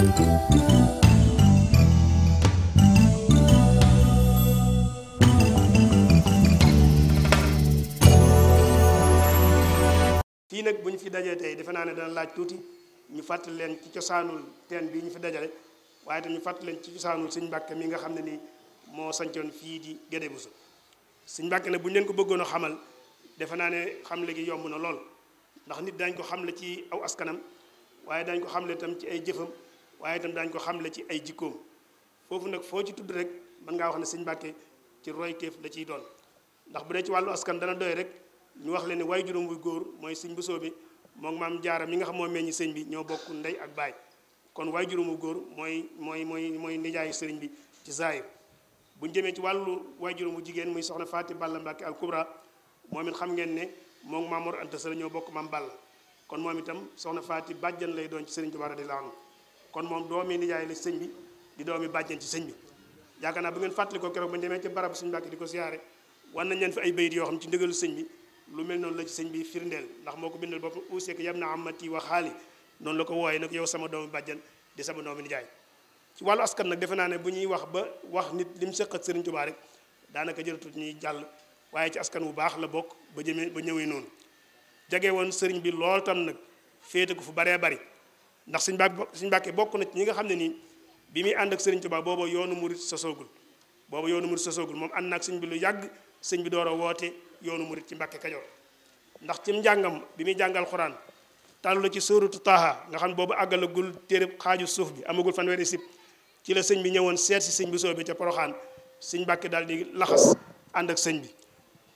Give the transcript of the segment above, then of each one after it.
kii nag bu ñu fi dajee tey defe naa ne dana laaj tuuti ñu fàttali leen ci cosaanul teen bi ñu fi dajale waaye tam ñu fàttali leen ci cosaanul sëñ Mbàkke mi nga xam ne nii moo sancoon fii di Guédé Bousso sëñ Mbàkke nag bu ñu leen ko bëggoon a xamal defe naa ne xam léegi yomb na lool ndax nit dañ ko xamle ci aw askanam waaye dañ ko xamle tam ci ay jëfam waaye itam daañu ko xamle ci ay jikkoom foofu nag foo ci tudd rek mën ngaa wax ne sëñ Mbàkke ci royteef la ciy doon ndax bu dee ci wàllu askan dana doy rek ñu wax leen ne way juróom wu góor mooy sëñ bi moom maam jaara mi nga xam moo meññi sëñ bi ñoo bokk ndey ak baay kon way juróom góor mooy mooy mooy mooy nijaayu sëriñ bi ci zaahir bu ñu jëmee ci wàllu way juróom bu jigéen muy soxna Faati Balla Mbàkke al Kubra moom it ngeen ne moom Maam Mor Anta Sali ñoo bokk maam Balla kon moom itam soxna Faati bàjjan lay doon ci sëriñ Tuubaa di anhu kon moom doomi nijaay la sëñ bi di doomi bàjjen ci sëñ bi yaakaar naa bu ngeen fàttali ko keroog ba ñu demee ci barab suñ Mbàkke di ko siyaare wan nañ leen fi ay bayit yoo xam ci ndigalu sëñ bi lu mel noonu la ci sëñ bi firndeel ndax moo ko bindal boppam uusee ko yam na amati wa xaali noonu la ko wooyee nag yow sama doomi bàjjen di sama doomi nijaay ci wàllu askan nag defe naa ne bu ñuy wax ba wax nit li mu sëq ak Sëriñ Tuubaa daanaka jëratut ñuy jàll waaye ci askan wu baax la bokk ba jëmee ba ñëwee noonu jage woon sëriñ bi lool tam nag féete ko fu baree bari ndax suñ bàkk suñ bàkkee bokk na ci ñi nga xam ne nii bi muy ànd ak sëñ Tuubaa booba yoonu murit sosoogul booba yoonu murit sosoogul moom ànd naag sëñ bi lu yàgg sëñ bi door a woote yoonu murit ci Mbàkke Kajoor ndax ci njàngam bi muy jàngal xuraan tàllu la ci sóoratu Taaha nga xam boobu àggalagul téereb xaaju suuf bi amagul fanweeri sib ci la sëñ bi ñëwoon seet si sëñ bi soo bi ca Poroxaan sëñ Mbàkke daal di laxas ànd ak sëñ bi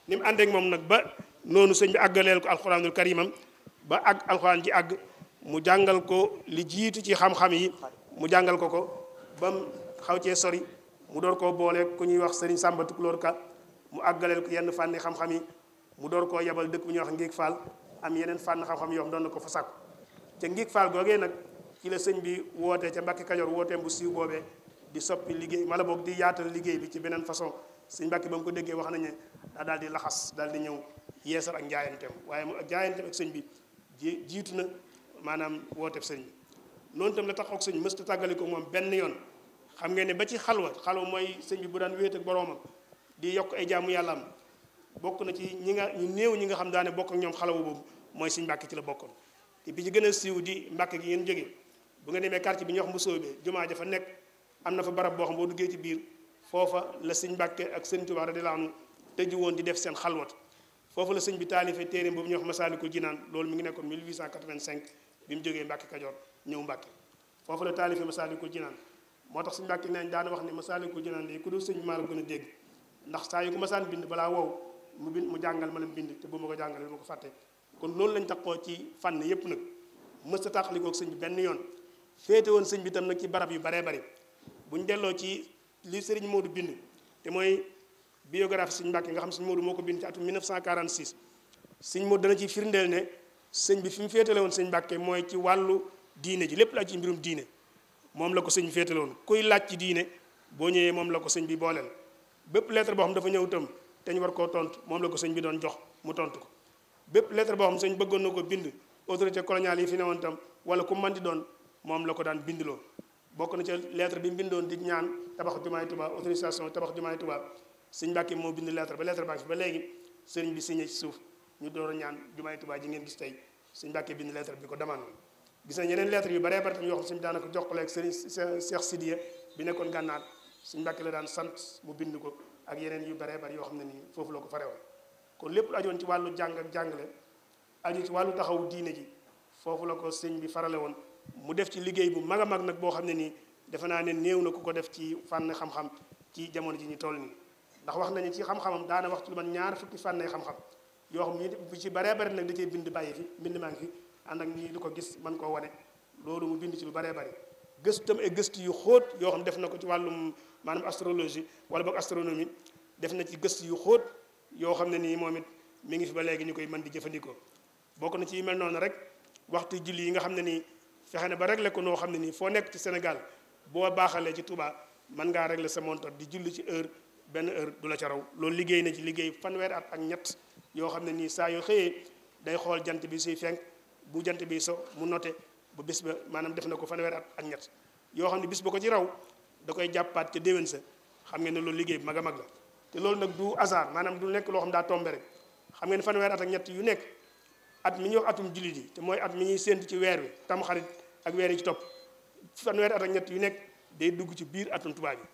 ni àndeek moom nag ba noonu sëñ bi àggaleel ko alxuraanul karimam ba àgg alxuraan ji àgg mu jàngal ko li jiitu ci xam-xam yi mu jàngal ko ko bam xaw cee sori mu door koo boole ku ñuy wax sëriñ Sàmba Tukulóor Ka mu àggaleel ko yenn fànni xam-xam yi mu door koo yebal dëkk bu ñuy wax Ngig Fall am yeneen fànn xam-xam yoo doon na ko fa sàkku ca Ngig Fall googee nag ci la sëñ bi wootee ca Mbàkke Kajoor wooteem bu siiw boobee di soppi liggéey mala boog di yaatal liggéey bi ci beneen façon sëñ Mbàkke ba mu ko déggee wax nañ ne daa daal di laxas daal di ñëw yeesal ak njaayanteem waaye ak njaayanteem ak sëñ bi jiitu na maanaam wooteef sëñ bi noonu itam la taxaw ak sëñ mësta tàggale ko moom benn yoon xam ngeen ne ba ci xalwa xalwa mooy sëñ bi bu daan wéet ak boroomam di yokk ay jaamu yàllaam bokk na ci ñi nga ñu néew ñi nga xam daane bokk ak ñoom xalawa mooy sëñ Mbàkke ci la bokkoon te bi ci gën a siiw di Mbàkke gi ngeen jógee bu nga demee quartier bi ñu wax Mbusoo jumaa ja fa nekk am na fa barab boo xam boo duggee ci biir foofa la sëñ Mbàkke ak sëñ Tuubaa radiyallaahu anhu tëju woon bi taalifee téere boobu ñu wax Masaalikul Jinaan loolu mi bi mu jógee Mbàkke Kajoor ñëw Mbàkke foofu la taalifi Masaalikul Jinaan moo tax suñu Mbàkke nañ daan wax ne Masaalikul Jinaan léegi ku dul sëñ maa la gën a dégg ndax saa yu ko masaan bind balaa wow mu bind mu jàngal ma la bind te bu ma ko jàngalee ma ko fàtte kon loolu lañ taxoo ci fànn yépp nag mësta tàqalikoog sëñ bi benn yoon féete woon sëñ bi tam nag ci barab yu baree bari ñu delloo ci li sëriñ Moodu bind te mooy biographie sëñ Mbàkke nga xam sëñ Moodu moo ko bind ci atum 1946 sëñ Moodu dana ci firndeel ne sëñ bi fi mu féetale woon sëñ Mbàkke mooy ci wàllu diine ji lépp la ci mbirum diine moom la ko sëñ bi féetale woon kuy laaj ci diine boo ñëwee moom la ko sëñ bi booleel bépp lettre boo xam dafa ñëw itam te ñu war koo tontu moom la ko sëñ bi doon jox mu tontu ko bépp lettre boo xam sëñ bëggoon na ko bind autorité coloniale yi fi ne woon wala ku man di doon moom la ko daan bindloo bokk na ca lettre bi mu bindoon di ñaan tabax jumaay Tuubaa autorisation tabax jumaay Tuubaa sëñ Mbàkke moo bind lettre ba lettre baa ba léegi sëriñ bi signé ci suuf ñu door a ñaan jumaay Tuubaa ji ngeen gis tey suñ Mbàkke bind lettre bi ko demande gis nañ yeneen lettre yu bare bari tam yoo xam suñu daanaka jox ko leeg Serigne Cheikh Sidiya bi nekkoon gànnaar suñ Mbàkke la daan sant mu bind ko ak yeneen yu baree bari yoo xam ne nii foofu la ko farewoon kon lépp ajoon ci wàllu jàng ak jàngale aju ci wàllu taxaw diine ji foofu la ko sëñ bi farale woon mu def ci liggéey bu mag a mag nag boo xam ne nii defe naa ne néew na ku ko def ci fànn xam-xam jamono ji ñu toll nii ndax wax nañu ci xam-xamam daana wax ci man ñaar fukki fànn xam yoo xam ni bu ci baree bari nag da cee bind bàyyi fi mbind mànk ngi fi ànd ak ñii di ko gis man koo wane loolu mu bind ci bu baree bari gëstam ay gëstu yu xóot yoo xam def na ko ci wàllum maanaam astrologie wala boog astronomie def na ci gëstu yu xóot yoo xam ne nii moom it mi ngi fi ba léegi ñu koy mën di jëfandikoo bokk na ci yu noonu rek waxtu julli yi nga xam ne nii fexe na ba régler ko noo xam ne nii foo nekk ci Sénégal boo baaxalee ci tubaa mën ngaa regle sa montor di julli ci heure benn heure du la ca raw loolu liggéey na ci liggéey fanweer at ak ñett yoo xam ne nii saa yoo xëyee day xool jant bi suy fenk bu jant bi so mu noté bu bis ba maanaam def na ko fanweer at ak ñett yoo xam ne bis ba ko ci raw da koy jàppaat ca déwén sa xam ngeen ne loolu liggéey mag a mag la te loolu nag du hasard maanaam du nekk loo xam daa tombé rek xam ngeen fanweer at ak ñett yu nekk at mu ñuy wax atum jullit yi te mooy at mi ñuy séentu ci weer wi tam xarit ak weer yi ci topp fanweer at ak ñett yu nekk day dugg ci biir atum tubaab yi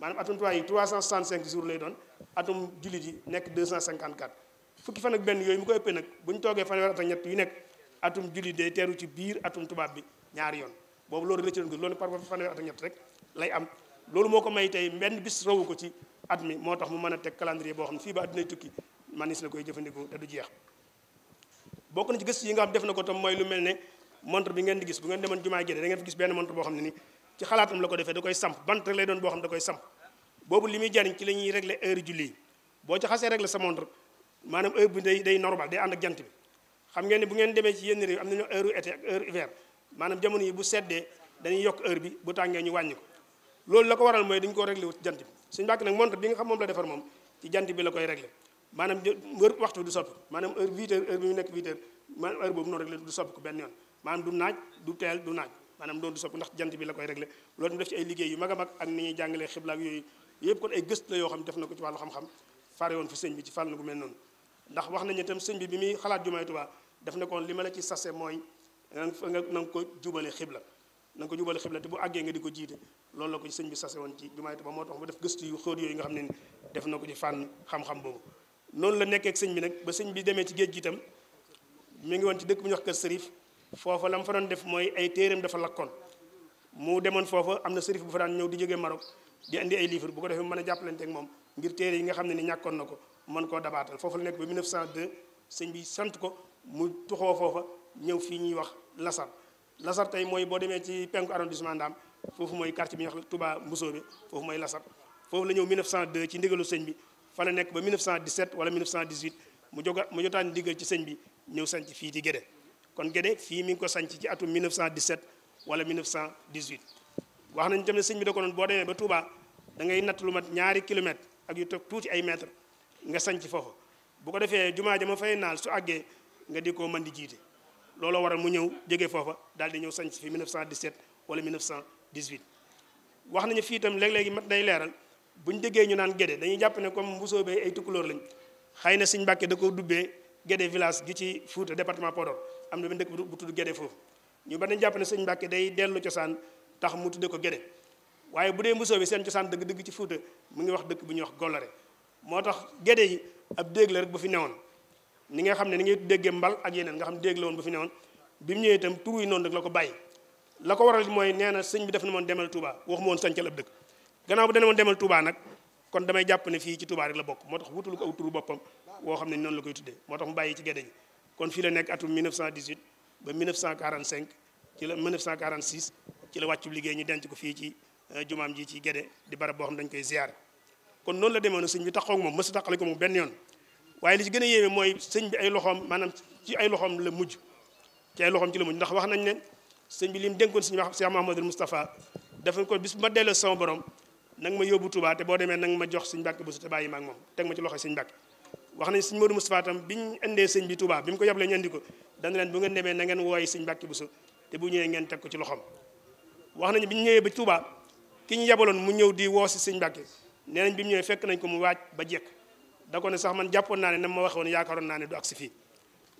maanaam atum tubaab yi 365 jours lay doon atum jullit yi nekk 254 fukki fan benn yooyu mu ko ëppee bu ñu toogee fanweer at ak ñett yu nekk atum jullit day teeru ci biir atum tubaab bi ñaari yoon boobu loolu rek doon gis loolu par fanweer at ak ñett rek lay am loolu moo ko may tey benn bis rawu ko ci at mi moo tax mu mën a teg calendrier boo xam ne fii ba àddunay tukki manis na koy jëfandikoo te du jeex bokk ko tam mooy lu mel ne montre bi ngeen di gis xam ne ni ci xalaatam la ko defee da koy samp bant rek lay doon boo xam da koy samp boobu li muy jariñ ci la ñuy régler heure julli boo ci xasee régler sa montre maanaam heure bi day day normal day ànd ak jant bi xam ngeen ne bu ngeen demee ci yenn réew am nañu heure été heure maanaam jamono yi bu seddee dañuy yokk heure bi bu tàngee ñu wàññi ko loolu la ko waral mooy dañu koo réglé wu jant bi suñu bàkk nag montre bi nga xam moom la defar moom ci jant bi la koy réglé maanaam waxtu du soppi maanaam heure 8 heures heure bi mu nekk 8 ko benn yoon maanaam du naaj du teel du naaj maanaam loolu du soppi ndax jant bi la koy réglé loolu mu def ci ay liggéey yu mag a mag ak ni ñuy jàngalee xibla ak yooyu yëpp kon ay gëstu la yoo xam def na ko ci wàllu xam-xam fare woon fi sëñ bi ci fàll na gu mel wax nañu itam sëñ bi bi muy xalaat jumaay Tuubaa def na koon li ma la ci sase mooy na nga ko jubale xibla na nga ko jubale xibla te bu àggee nga di ko jiite loolu la sëñ bi sase woon ci jumaay Tuubaa moo tax mu def gëstu yu xóot yooyu ne def na ko ci fànn xam-xam boobu noonu la nekkee sëñ bi nag ba sëñ bi demee ci géej gi itam mi ngi woon ci dëkk bu ñu wax kër sërif foofa la mu fa doon def mooy ay téereem dafa lakkoon mu demoon foofa am na sërif bu fa daan ñëw di jógee Maroc di andi ay livre bu ko defee mën a jàppalante moom ngir téere yi nga xam ne ni ñàkkoon na ko mën koo dabaatal foofu la nekk ba 1902 sëñ bi sant ko mu tuxoo foofa ñëw fii ñuy wax Lasar Lasar tey mooy boo demee ci penku arrondissement Ndaam foofu mooy quartier bi ñuy wax Touba Mbusoobe foofu mooy Lasar foofu la ñëw 1902 ci ndigalu sëñ bi fa la nekk ba 1917 wala 1918 mu joga mu jotaan ndigal ci sëñ bi ñëw sanc fii di Gédé kon Guédé fii mi ngi ko sanc ci atum 1917 wala 1918 wax nañ tamit sëñ bi da ko doon boo demee ba Touba da ngay natt lu mat ñaari kilomètre ak yu toog tuuti ay mètre nga sanc foofa bu ko defee jumaa ja ma fay naal su àggee nga di koo mën di jiite looloo waral mu ñëw jógee foofa daal di ñëw sanc fi 1917 wala 1918 wax nañu fii itam léeg-léegi mat day leeral buñ déggee ñu naan Guédé dañuy jàpp ne comme Mbusoo bee ay tukkulóor lañ xëy na Sëñ Mbàkke da ko dubbee Guédé village gi ci Fuuta département Podor am na benn dëkk bu tudd Gédé foofu ñu ba nañ jàpp ne sëñ Mbàkke day dellu cosaan tax mu tudde ko Gédé waaye bu dee mbusoo bi seen cosaan dëgg-dëgg ci Fuuta mu ngi wax dëkk bu ñuy wax Gollare moo tax Gédé yi ab déeg rek bu fi newoon ni nga xam ne ni ngay déggee mbal ak yeneen nga xam déeg la woon bu fi newoon bi mu ñëwee itam tur yi noonu rek la ko bàyyi la ko waral mooy nee na sëñ bi def na moon demal Touba wax moon sancal ab dëkk gannaaw bu dana moon demal Touba nag kon damay jàpp ne fii ci Touba rek la bokk moo tax wutul ko aw turu boppam woo xam ne noonu la koy tuddee moo bàyyi ci Gédé kon fii la nekk atum 1918 ba 1945 ci la 1946 ci la wàccu liggéey ñu denc ko fii ci euh, jumaam ji ci Gédé di barab boo xam dañ koy ziar kon noonu la demoon sëñ bi taxaw ak moom mësu taxale ko moom benn yoon waaye li ci gën a yéeme mooy sëñ bi ay loxoom maanaam ci ay loxoom la mujj ci ay loxoom ci la ndax wax nañ ne sëñ bi li mu dénkoon sëñ Cheikh Mahamadul Moustapha dafa ko bis bu ma delloo sama borom nag ma yóbbu Touba te boo demee nag ma jox sëñ Mbàkke bu su te bàyyi ma ak moom teg ma ci loxo sëñ Mbàkke wax nañ sëñ Modou Moustapha bi ñu indee sëñ bi Touba bi mu ko yablee ñu indi ko dana leen bu ngeen demee na ngeen wooyi sëñ bu Buso te bu ñëwee ngeen teg ko ci loxoom wax nañ bi ñu ñëwee ba Touba ki ñu yabaloon mu ñëw di woo si sëñ Mbàkke nee bi mu ñëwee fekk nañ ko mu waaj ba jekk da ko ne sax man jàppoon naa ne nam ma waxoon yaakaaroon naa ne du agsi fii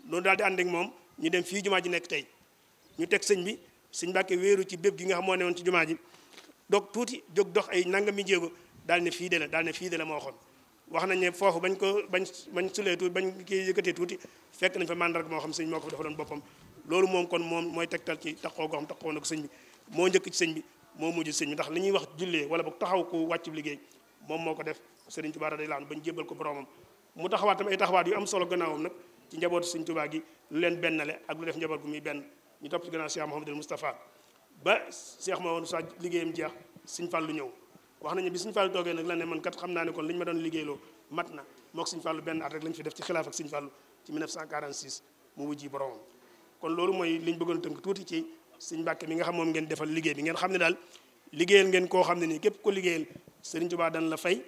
loolu daal di ànd ak moom ñu dem fii jumaa ji nekk tey ñu teg sëñ bi sëñ Mbàkke wéeru ci bépp gi nga xam moo ne woon ci jumaa ji doog tuuti jóg dox ay nangami jéego daal ne fii de la ne fii de la moo waxoon wax nañu ne foofu bañ ko bañ bañ sulee tuuti bañ kii yëkkatee tuuti fekk nañ fa mandarga moo xam sëñ moo ko dafa doon boppam loolu moom kon moom mooy tegtal ci taxoo goo xam taxoo na bi moo njëkk ci sëñ bi moo mujj sëñ bi ndax li ñuy wax jullee wala boog taxaw ku wàcc liggéey moom moo ko def sëriñ Tuubaa radiyallaahu anhu bañ jébbal ko boromam mu taxawaat tam taxawaat yu am solo gannaawam nag ci njabootu sëñ Tuubaa gi lu leen bennale ak lu def njaboot gu muy benn ñu topp ci gannaaw Cheikh Mouhamadul Moustapha ba Cheikh Mamadou Sa liggéeyam jeex sëñ Fallu ñëw wax nañu bi Sëñ Fallu toogee nag la ne man kat xam naa ne kon li ñu ma doon liggéeyloo mat na mook Sëñ Fallu benn at rek lañ fi def ci xilaaf ak Sëñ Fallu ci 1946 mu wujji boromam kon loolu mooy tuuti ci Sëñ Mbàkke mi nga xam moom ngeen defal liggéey bi ngeen xam ne daal liggéeyal ngeen koo xam ne nii képp ko liggéeyal Sëriñ Tuubaa dan la fay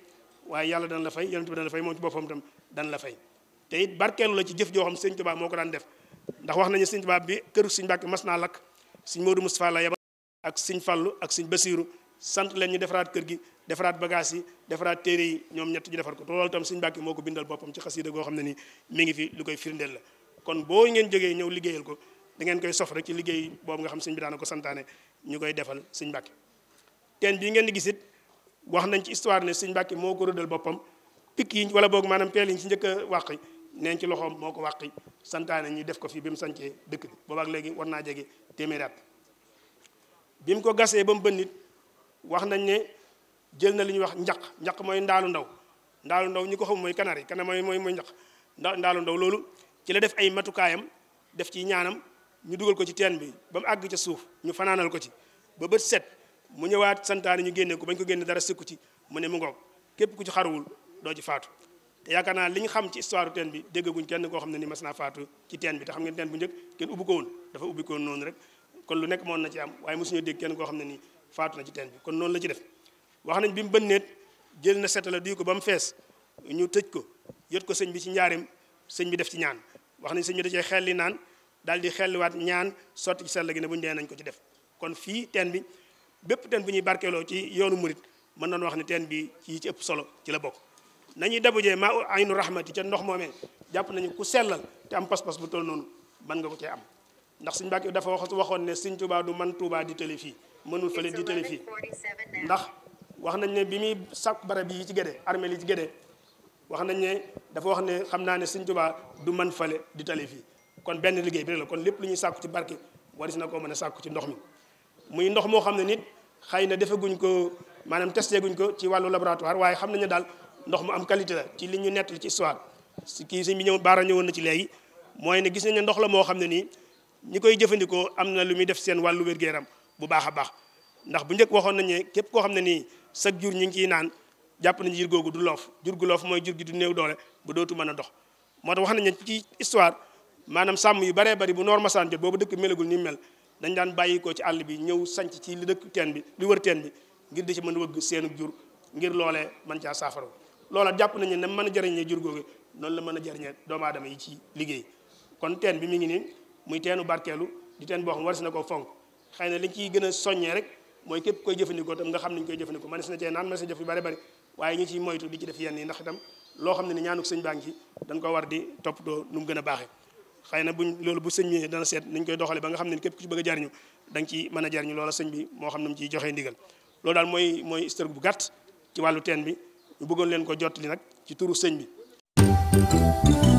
waaye yàlla dan la fay yonent bi dan la fay moom ci boppam tam dan la la ci jëf joo xam Sëriñ Tuubaa moo ko daan def ndax wax nañu Sëriñ Tuubaa bi këru Sëriñ Mbàkke mas naa lakk Sëriñ Moodu Mustafaa la yebal ak Sëriñ Fallu ak Sëriñ Basiiru sant leen ñu defaraat kër gi defaraat bagage yi defaraat téere yi ñoom ñett ñu defar ko te loolu itam suñu moo ko bindal boppam ci xasida goo xam ne ni mi ngi fi lu koy firndeel la kon boo ngeen jógee ñëw liggéeyal ko da ngeen koy sof rek ci liggéey boobu nga xam suñ bi daana ko santaane ñu koy defal suñ Mbàkke teen bii ngeen di gisit wax nañ ci histoire ne suñ Mbàkke moo ko rëddal boppam pikk yi wala boog maanaam peel yi ci njëkk a wàqi neen ci loxoom moo ko wàqi santaane ñu def ko fii bi mu sancee dëkk bi boobaak léegi war naa jege téeméeri mu ko gasee ba mu bënnit wax nañ ne jël na li ñuy wax njaq njaq mooy ndaalu ndaw ndaalu ndaw ñi ko xam mooy kanar yi kana mooy mooy mooy njaq ndaalu ndaw loolu ci la def ay matukaayam def ci ñaanam ñu dugal ko ci teen bi ba mu àgg ca suuf ñu fanaanal ko ci ba bët set mu ñëwaat santaane ñu génne ko bañ ko génne dara sëkku ci mu ne mu ngoog képp ku ci xaruwul doo ci faatu te yaakaar naa li xam ci histoire teen bi déggaguñ kenn koo xam ne ni mas faatu ci teen bi te xam ngeen teen bu njëkk kenn ubbi ko woon dafa ubbi ko woon noonu rek kon lu nekk moon na ci am waaye mosuñu dégg kenn koo xam ne nii faatu na ci teen bi kon noonu la ci def wax nañ bi mu bënneet jël na setala duy ko ba mu fees ñu tëj ko yot ko sëñ bi ci njaareem sëñ bi def ci ñaan wax nañ sëñ bi da cee xelli naan daal di xelliwaat ñaan sotti ci sell gi ne bu ñu dee nañ ko ci def kon fii teen bi bépp teen bu ñuy barkeeloo ci yoonu murit mën nañu wax ne teen bi ci ci ëpp solo ci la bokk nañuy dabujee maa aynu rahmati ca ndox moomee jàpp nañu ku sellal te am pas-pas bu toll noonu mën nga ko cee am ndax suñ Mbàkke dafa wax waxoon ne Sëñ Tuubaa du man Tuubaa di tële fii mënul fële di tële fii ndax wax nañ ne bi muy sàkk barab yi ci Gédé armeel yi ci Gédé wax nañ ne dafa wax ne xam naa ne Sëñ Tuubaa du man fale di tële fii kon benn liggéey bi la kon lépp lu ñuy sàkku ci barke waris na koo mën a sàkku ci ndox mi muy ndox moo xam ne nit xëy na defaguñ ko maanaam testé guñ ko ci wàllu laboratoire waaye xam nañ ne daal ndox mu am qualité la ci li ñu nett ci histoire si kii sëñ bi ñëw baara ñëwoon na ci léegi mooy ne gis nañ ndox la moo xam ne nii ñi koy jëfandikoo am na lu muy def seen wàllu wér-gu-yaram bu baax a baax ndax bu njëkk waxoon nañu ne képp koo xam ne nii chaque jour ñu ngi ciy naan jàpp nañu jur googu du loof jur gu loof mooy jur gi du néew doole bu dootu mën a dox moo tax wax nañu ci histoire maanaam sàmm yu baree bari bu noor masaan jot boobu dëkk melagul ni mel dañ daan bàyyi ci àll bi ñëw sanc ci li dëkk teen bi li wër teen bi ngir di ci mën a wëgg seenu jur ngir loole mën caa saafara loola jàpp nañu ne mën a jariñee jur googu noonu la mën a jariñee doomu aadama yi ci liggéey kon teen bi mi ngi nii muy teenu barkeelu di teen boo xam war si na ko fonk xëy na li ciy gën a soññee rek mooy képp koy jëfandikoo tam nga xam ne niñ koy jëfandikoo man si na cee naan man si jëf yu bari bari waaye ñu ciy moytu di ci xam ne ni ñaanuk sëñ baa ngi ci ko war di toppatoo nu mu a baaxee xëy na buñ loolu bu sëñ bi dana seet niñ koy doxale ba nga xam ne képp ku ci bëgg a jariñu a jariñu loola sëñ bi moo xam ne mu ciy joxee ndigal loolu daal mooy mooy historique bu gàtt ci wàllu teen bi ñu bëggoon leen ko li nag ci turu sëñ bi